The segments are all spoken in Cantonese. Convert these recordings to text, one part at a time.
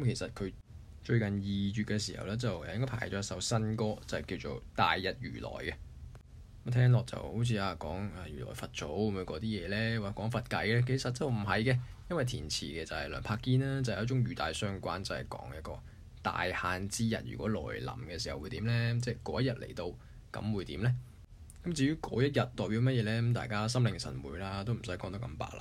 咁其實佢最近二月嘅時候咧，就應該排咗一首新歌，就係叫做《大日如來》嘅。咁聽落就好似啊講啊如來佛祖咁樣嗰啲嘢咧，話講佛偈嘅，其實就唔係嘅，因為填詞嘅就係梁栢堅啦，就係一種語帶相關，就係講一個大限之日如果來臨嘅時候會點咧，即係嗰一日嚟到咁會點咧。咁至於嗰一日代表乜嘢咧？咁大家心領神會啦，都唔使講得咁白啦。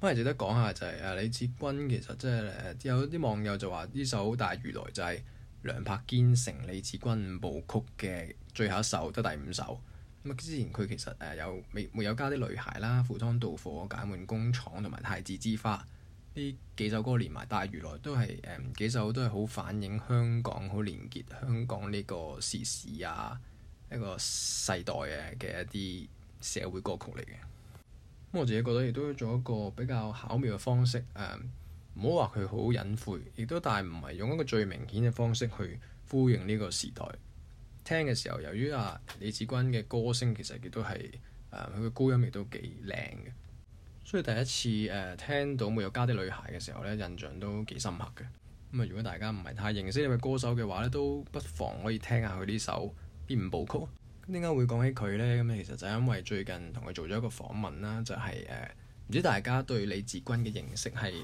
不過值得講下，就係誒李芷君其實即係誒有啲網友就話呢首《大日如來》就係、是、梁栢堅成李芷君五部曲嘅最後一首，得第五首。咁啊之前佢其實誒有未有加啲女孩啦，赴湯蹈火，解悶工廠同埋太子之花呢幾首歌連埋《大日如來》都係誒，嗯、幾首都係好反映香港好連結香港呢個時事啊一，這個世代嘅嘅一啲社會歌曲嚟嘅。我自己覺得亦都做一個比較巧妙嘅方式，誒唔好話佢好隱晦，亦都但係唔係用一個最明顯嘅方式去呼應呢個時代。聽嘅時候，由於啊李芷君嘅歌聲其實亦都係誒佢嘅高音亦都幾靚嘅，所以第一次誒、呃、聽到《沒有家啲女孩》嘅時候咧，印象都幾深刻嘅。咁、嗯、啊，如果大家唔係太認識呢位歌手嘅話咧，都不妨可以聽下佢呢首《邊步曲》。點解會講起佢呢？咁其實就係因為最近同佢做咗一個訪問啦，就係誒唔知大家對李芷君嘅認識係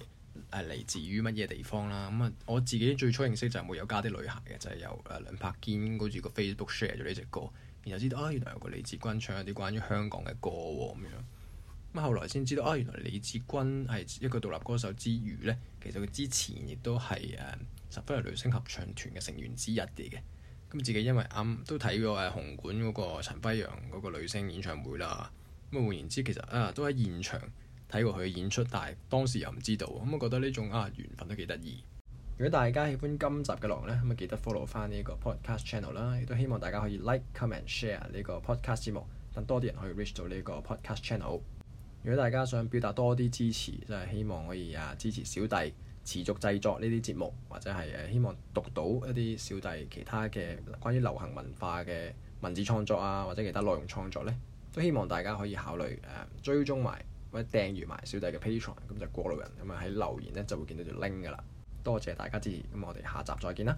係嚟自於乜嘢地方啦？咁、嗯、啊，我自己最初認識就冇有加啲女孩嘅，就係、是、由誒、呃、梁柏堅嗰個 Facebook share 咗呢隻歌，然後知道啊，原來有個李芷君唱一啲關於香港嘅歌喎、啊、咁樣。咁、嗯、後來先知道啊，原來李芷君係一個獨立歌手之餘呢，其實佢之前亦都係誒十分係女星合唱團嘅成員之一嚟嘅。咁自己因為啱都睇過誒紅館嗰個陳輝陽嗰個女聲演唱會啦，咁啊換言之其實啊都喺現場睇過佢嘅演出，但係當時又唔知道，咁、啊、我覺得呢種啊緣分都幾得意。如果大家喜歡今集嘅內容咧，咁啊記得 follow 翻呢個 podcast channel 啦，亦都希望大家可以 like、comment、share 呢個 podcast 節目，等多啲人可以 reach 到呢個 podcast channel。如果大家想表達多啲支持，真係希望可以啊支持小弟。持續製作呢啲節目，或者係誒希望讀到一啲小弟其他嘅關於流行文化嘅文字創作啊，或者其他內容創作呢，都希望大家可以考慮誒、啊、追蹤埋或者訂閱埋小弟嘅 Patreon，咁就過路人咁啊喺留言呢就會見到條 link 噶啦，多謝大家支持，咁我哋下集再見啦。